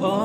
بسم الله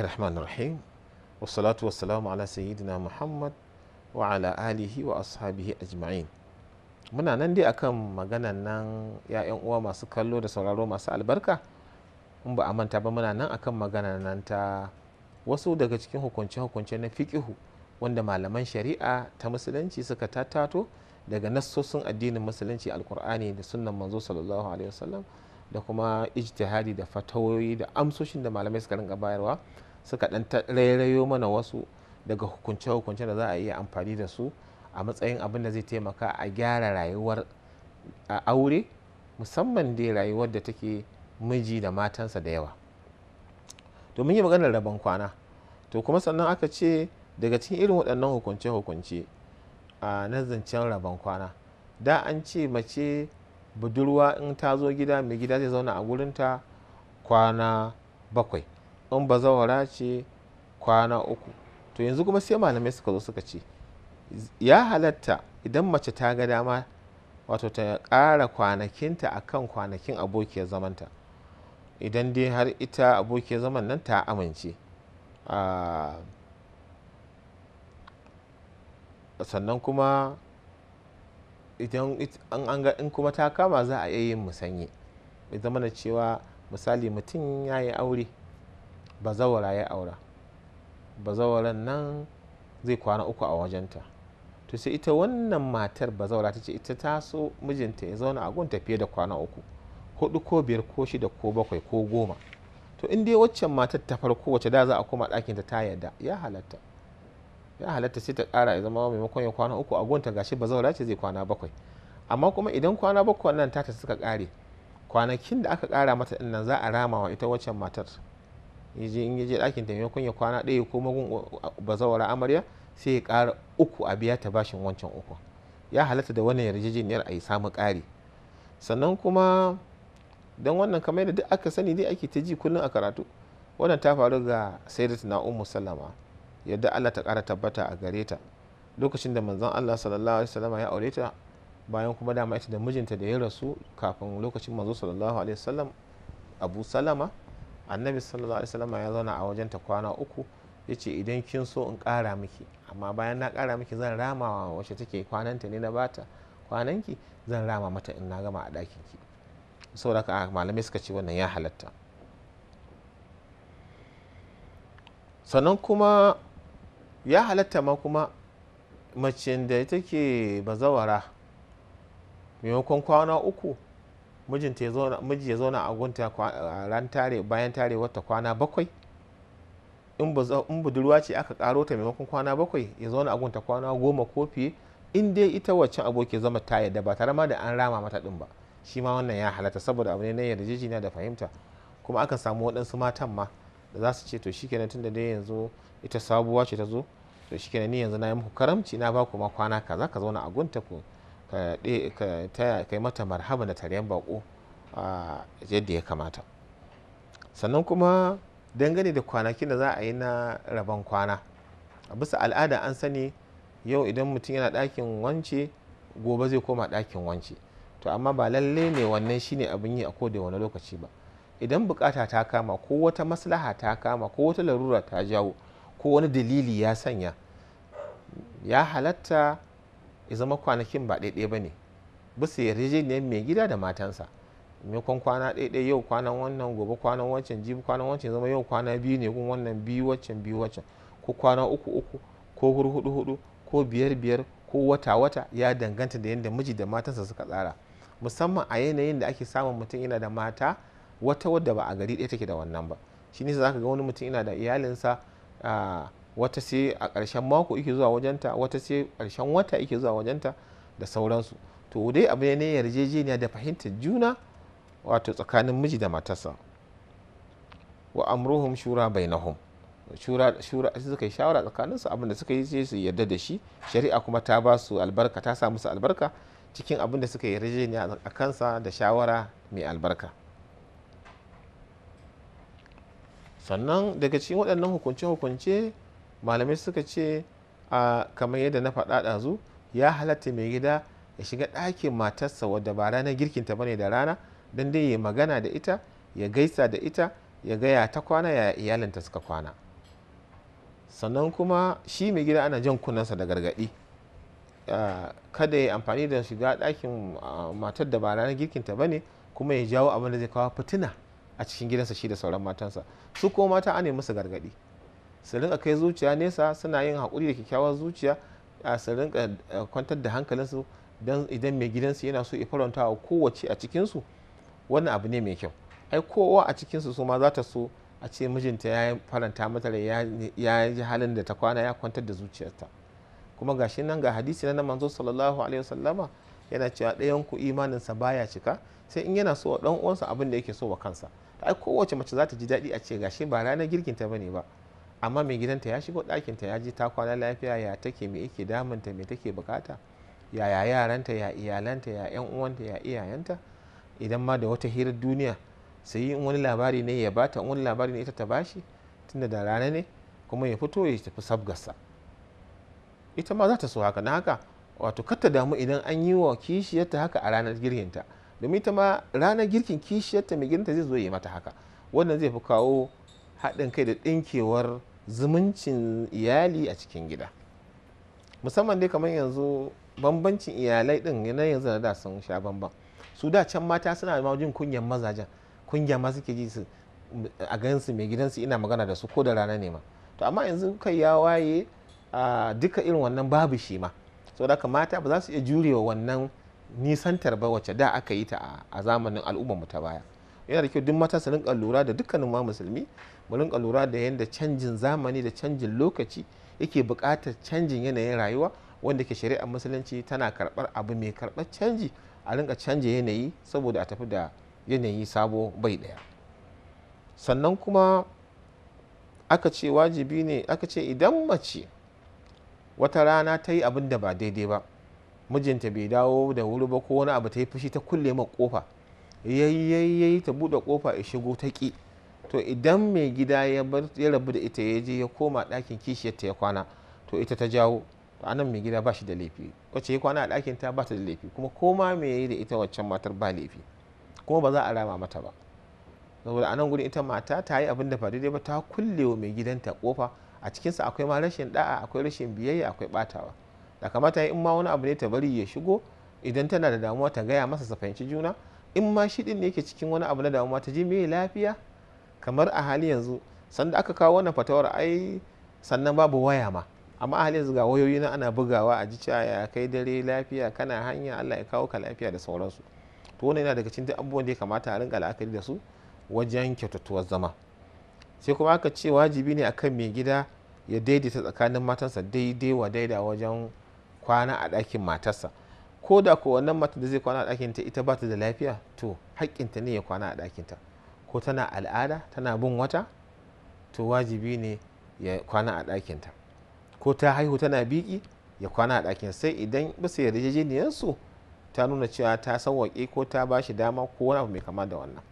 الرحمن الرحيم والصلاة والسلام على سيدنا محمد وعلى آله وأصحابه أجمعين muna nan dai akan maganan nan ya'yan uwa masu kallo da sauraro masu albarka in ba a manta ba muna nan akan maganan nan ta wasu daga cikin hukunce-hukunce na fiƙihu wanda malaman shari'a ta musulunci suka tattato daga nassosin addinin musulunci alkur'ani da sunan manzo sallallahu alaihi wasallam da kuma ijtihadi da fatawoyi da amsoshin da malamai suka rinka bayarwa suka dan rairayo mana wasu daga hukunce-hukunce da za a iya amfani da su a matsayin abin da zai taimaka a gyara rayuwar a aure musamman dai rayuwar da take miji da matansa da yawa to mun yi maganar rabon kwana to kuma sannan aka ce daga cikin irin waɗannan hukunce-hukunce a zancen rabon kwana da an ce mace budurwa in ta zo gida mai gida zai zauna a gurinta kwana bakwai in ba zawara ce kwana uku to yanzu kuma sai malamai suka zo suka ce ya halatta idan mace ta ga dama wato ta ƙara kwanakinta a kan kwanakin abokiyar zamanta idan dai har ita abokiyar zaman nan ta amince ah, sannan kuma idan an ga in kuma ta kama za a yin musanye mai zama da cewa misali mutum ya yi aure ba zawara ya aura ba zawaran nan zai kwana uku a wajenta to sai ita wannan matar zaura ta ce ita ta so mijinta ya zauna a gun fiye da kwana uku hudu ko biyar ko shida ko bakwai ko goma to in dai waccan matar ta farko wacce da za a koma ɗakinta ta yarda ya halatta ya halatta sai ta kara ya zama maimakon ya kwana uku a gunta gashi ba zaura ce zai kwana bakwai amma kuma idan kwana bakwai nan ta suka ƙare kwanakin da aka kara mata ɗin nan za a rama wa ita waccan matar in ya je ɗakin ta maimakon ya kwana ɗaya ko magun uh, zaura amarya sai ya kara uku a biya ta bashin wancan uku ya halatta da wannan yarjejeniyar a yi samu ƙari sannan kuma don wannan kamar da duk aka sani dai ake ta ji kullum a karatu wannan ta faru ga sayyidat na ummu sallama yadda Allah ta ƙara tabbata a gare ta lokacin da manzon Allah sallallahu alaihi wasallama ya aure ta bayan kuma dama ita da mijinta da ya rasu kafin lokacin manzo sallallahu alaihi wasallam Abu Salama annabi sallallahu alaihi wasallama ya zauna a wajen ta kwana uku yace idan kin so in ƙara miki amma bayan na kara miki zan rama wacce take kwananta ne na bata kwananki zan rama mata in na gama a ɗakin ki saboda ah, malamai suka ce wannan ya halatta sannan kuma ya halatta ma kuma mace da take bazawara maimakon kwana uku miji ya zauna a gunta ran tare bayan tare wata kwana bakwai in budurwa ce aka karo ta maimakon kwana bakwai ya zauna a gunta kwana goma ko fiye in dai ita waccan aboki zama ta yadda ba tare ma da an rama mata din ba shi ma wannan ya halatta saboda abu ne na yarjejeniya da fahimta kuma aka samu waɗansu matan ma da za su ce to shikenan tunda dai yanzu ita sabuwa ce ta zo to shikenan ni yanzu na yi muku karamci na baku ma kwana kaza ka zauna a gunta ku ka kai mata marhaba da tarayyan bako a ah, yadda ya kamata sannan kuma dangane da kwanakin da za a yi na rabon kwana a bisa al'ada an sani yau idan mutum yana ɗakin wance gobe zai koma ɗakin wance to amma ba lalle ne wannan shine abin yi a koda wani lokaci ba idan bukata ta kama ko wata maslaha ta kama ko wata larura ta jawo ko wani dalili ya sanya ya halatta ya zama kwanakin ba ɗaiɗaya ba ne bisa yarjejeniyar mai gida da matansa maimakon kwana ɗaya yau kwanan wannan gobe kwanan wancan jibi kwanan wancan zama yau kwana biyu ne kun wannan biyu wancan biyu wancan ko kwana uku uku ko huru hudu hudu ko biyar biyar ko wata wata ya danganta da yadda miji da matansa suka tsara musamman a yanayin da ake samun mutum yana da mata wata wadda ba a gari ɗaya take da wannan ba shi ne za ka ga wani mutum yana da iyalinsa wata sai a ƙarshen mako yake zuwa wajenta wata sai ƙarshen wata yake zuwa wajenta da sauransu to dai abu ne yarjejeniya da fahimtar juna wato tsakanin miji da matarsa wa amruhum shura bainahum shura shura suka yi shawara tsakanin su abinda suka yi su yarda da shi shari'a kuma ta ba su albarka ta sa musu albarka cikin abinda suka yi ne a kansa da shawara mai albarka sannan daga cikin waɗannan hukunce-hukunce malamai suka ce a kamar yadda na faɗa ɗazu ya halatta mai gida ya shiga ɗakin matarsa wadda ba ranar girkinta bane da rana don dai ya magana da ita ya gaisa da ita ya gaya ta kwana ya iyalinta suka kwana sannan kuma shi mai gida ana jan kunnensa da gargadi ah, kada ya amfani da shiga dakin ah, matar da ba ranar girkinta ba ne kuma ya jawo abin da zai kawo fitina a cikin gidansa shi da sauran matansa su ko mata ana musu gargadi su rinka kai zuciya nesa suna yin haƙuri da kyakkyawar zuciya su rinka eh, kwantar da hankalinsu idan mai gidansu yana so ya faranta wa kowace a cikinsu wannan abu ne mai kyau ai kowa a cikinsu su ma za ta so a ce mijinta ya faranta mata da ya ji halin da ta kwana ya kwantar da zuciyarta kuma gashi nan ga hadisi na manzo sallallahu alaihi wasallama yana cewa ɗayan ku imaninsa baya cika sai in yana so wa ɗan uwansa abin da yake so wa kansa ai kowace mace za ta ji daɗi a ce gashi ba ranar girkinta bane ba amma mai gidanta ya shigo ɗakinta ya ji ta kwana lafiya ya take me yake damunta me take bukata yaya yaranta ya iyalanta ya yan uwanta ya iyayenta idan ma da wata hirar duniya sai in wani labari ne ya bata in wani labari ne ita ta bashi tunda da rana ne kuma ya fito ya tafi sabgarsa ita ma za ta so haka na haka wato kar damu idan an yi wa kishiyarta haka a ranar girkinta domin ita ma ranar girkin kishiyarta mai gidanta zai zo ya yi mata haka wannan zai fi kawo haɗin kai da ɗinkewar zumuncin iyali a cikin gida musamman dai kamar yanzu bambancin iyalai ɗin na yanzu da sun sha bamban su da can mata suna ma jin kunyan mazajen kunya ma suke ji a ganin su mai gidansu ina magana da su ko da rana ne ma to amma yanzu kai ya waye duka irin wannan babu shi ma so da mata ba za su iya jurewa wannan nisantar ba wacce da aka yi ta a zamanin al'ummar mu ta baya yana da kyau duk mata su rinka lura da dukkanin ma musulmi mu rinka lura da yadda canjin zamani da canjin lokaci yake buƙatar canjin yanayin rayuwa wanda ke shari'ar musulunci tana karɓar abu mai karɓar canji a rinka canja yanayi saboda a tafi da yanayi sabo bai daya sannan kuma aka ce wajibi ne aka ce idan mace wata rana ta yi abin da ba daidai ba mijinta bai dawo da wuri ba ko wani abu ta yi fushi ta kulle ma kofa yayi ta buɗe kofa ya shigo ta ki to idan mai gida ya rabu da ita ya je ya koma ɗakin kishiyarta ya kwana to ita ta jawo anan mai gida ba shi da laifi wacce ya kwana a ɗakin ta ba da laifi kuma koma me yayi da ita waccan matar ba laifi kuma ba za a rama mata ba saboda anan gudun ita mata ta yi abin da ba daidai ba ta kulle wa mai gidanta kofa a cikinsa akwai ma rashin da'a akwai rashin biyayya akwai batawa da kamata in ma wani abu ne ta bari ya shigo idan tana da damuwa ta gaya masa sa fahimci juna in ma shi din ne yake cikin wani abu na damuwa ta ji mai lafiya kamar a hali yanzu sanda aka kawo wannan fatawar ai sannan babu waya ma amma a halin ga wayoyi na ana bugawa a ji ya kai dare lafiya kana hanya Allah ya kawo ka lafiya da sauransu to wannan yana daga cikin duk abubuwan da ya kamata a rinka la'akari da su wajen kyautattuwar zama sai kuma aka ce wajibi ne akan mai gida ya daidaita tsakanin matansa daidai wa daida wajen kwana a ɗakin matarsa ko da ko wannan mata da zai kwana a ɗakin ta ita bata da lafiya to haƙƙinta ne ya kwana a ɗakinta ko tana al'ada tana bin wata to wajibi ne ya kwana a ɗakinta ko ta haihu tana biki ya kwana a ɗakin sai idan bisa yarjejeniyarsu ta nuna cewa ta sauwaƙe ko ta ba shi dama ko wani abu mai kama da wannan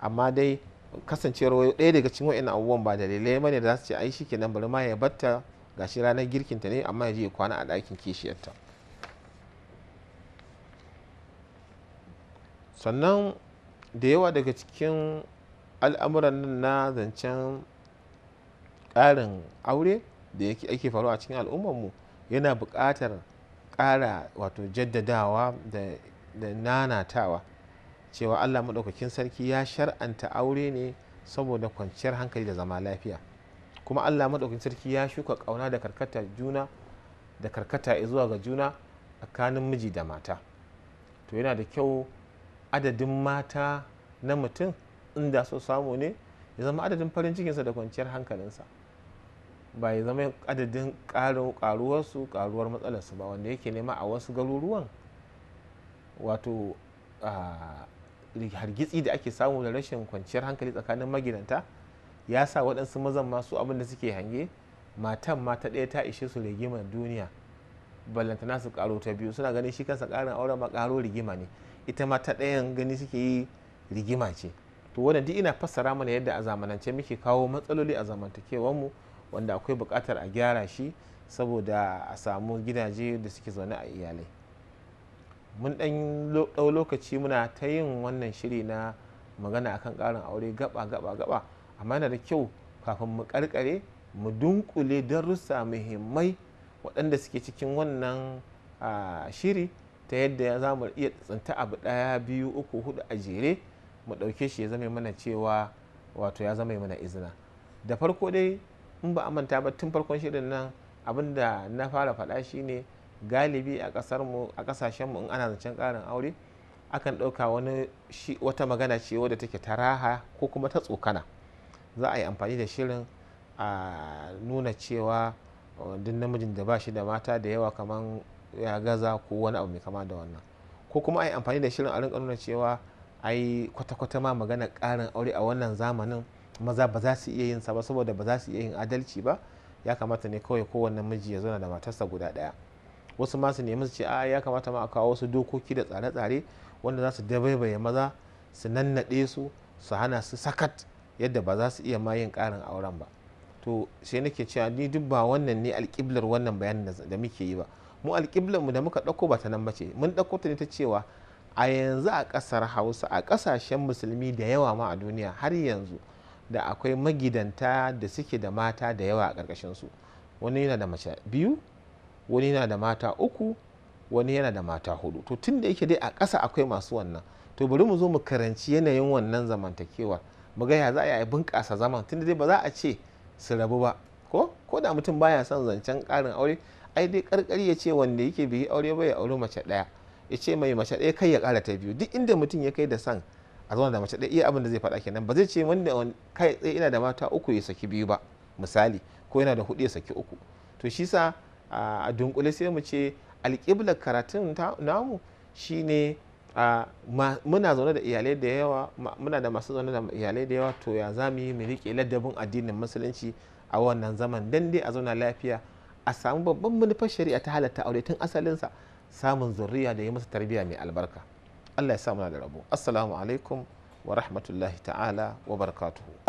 amma dai kasancewar ɗaya daga cikin wa'in abubuwan ba dalilai bane da za su ce ai shi kenan bari ma ya batta gashi ranar girkinta ne amma ya je ya kwana a ɗakin kishiyarta sannan da yawa daga cikin al'amuran nan na zancen ƙarin aure da yake faruwa a cikin al'ummarmu yana buƙatar ƙara wato jaddadawa da nanatawa cewa allah maɗaukakin sarki ya shar'anta aure ne saboda kwanciyar hankali da zama lafiya kuma allah maɗaukakin sarki ya shuka ƙauna da karkata juna da karkata zuwa ga juna tsakanin miji da mata to yana da kyau adadin mata na mutum inda so samu ne ya zama adadin farin cikinsa da kwanciyar hankalinsa ba ya zama adadin karuwarsu karuwar matsalarsu ba wanda yake nema a wasu garuruwan wato hargitsi da ake samu da rashin kwanciyar hankali tsakanin magidanta ya sa waɗansu mazan masu abin da suke hange matan mata ɗaya ta ishe su rigimar duniya ballantana su karo ta biyu suna ganin shi kansa karin auren ma karo rigima ne ita mata ɗayan gani suke yi rigima ce to wannan ina fassara mana yadda a zamanance muke kawo matsaloli a zamantakewar mu wanda akwai bukatar a gyara shi saboda a samu gidaje da suke zaune a iyalai mun ɗan ɗau lokaci muna ta yin wannan shiri na magana akan ƙarin aure gaba gaba gaba amma yana da kyau kafin mu karkare mu dunkule darussa muhimmai waɗanda suke cikin wannan shiri ta yadda za mu iya tsinta abu ɗaya biyu uku hudu a jere mu ɗauke shi ya zama mana cewa wato ya zama mana izina da farko dai in ba a manta ba tun farkon shirin nan abin da na fara faɗa shine galibi a ƙasarmu a ƙasashenmu in ana zancen karin aure akan ɗauka wani wata magana ce wadda take ta raha ko kuma ta tsokana za a yi amfani da shirin a nuna cewa uh, duk namijin da ba shi da mata da yawa kamar ya gaza ko wani abu mai kama da wannan ko kuma a yi amfani da shirin a rinka nuna cewa ai kwata-kwata ma magana ƙarin aure a wannan zamanin maza ba za su iya yin sa ba saboda ba za su iya yin adalci ba ya kamata ne kawai kowanne miji ya zauna da matarsa guda daya wasu ma su nemi su ce a ya kamata ma a kawo wasu dokoki da tsare-tsare wanda za su dabaibaye maza su nannaɗe su su hana su sakat yadda ba za su iya ma yin ƙarin auren ba to sai nake cewa ni duk ba wannan ne alƙiblar wannan bayanin da muke yi ba mu alƙiblar mu da muka ɗauko ba ta nan ba ce mun ɗauko ta ne ta cewa a yanzu a ƙasar hausa a ƙasashen musulmi da yawa ma a duniya har yanzu da akwai magidanta da suke da mata da yawa a ƙarƙashinsu wani yana da mace biyu wani yana da mata uku wani yana da mata hudu to tun da yake dai a ƙasa akwai masu wannan to bari mu zo mu karanci yanayin wannan zamantakewar mu ga ya za a yi bunƙasa zaman tun da dai ba za a ce su rabu ba ko ko da mutum baya son zancen ƙarin aure ai dai ƙarƙari ya ce wanda yake bi aure bai aure mace ɗaya ya ce mai mace ɗaya kai ya ƙara ta biyu duk inda mutum ya kai da son a zauna da mace ɗaya iya abin da zai faɗa kenan ba zai ce wanda kai tsaye ina da mata uku ya saki biyu ba misali ko yana da hudu ya saki uku to shi sa a dunkule sai mu ce alƙiblar karatun namu shine muna zaune da iyalai da yawa muna da masu zaune da iyalai da yawa to ya za mu yi mu riƙe ladabin addinin musulunci a wannan zaman dan dai a zauna lafiya a samu babban manufar shari'a ta halatta aure tun asalinsa samun zurriya da yi masa tarbiyya mai albarka Allah ya sa da rabo assalamu alaikum wa rahmatullahi ta'ala wa barakatuhu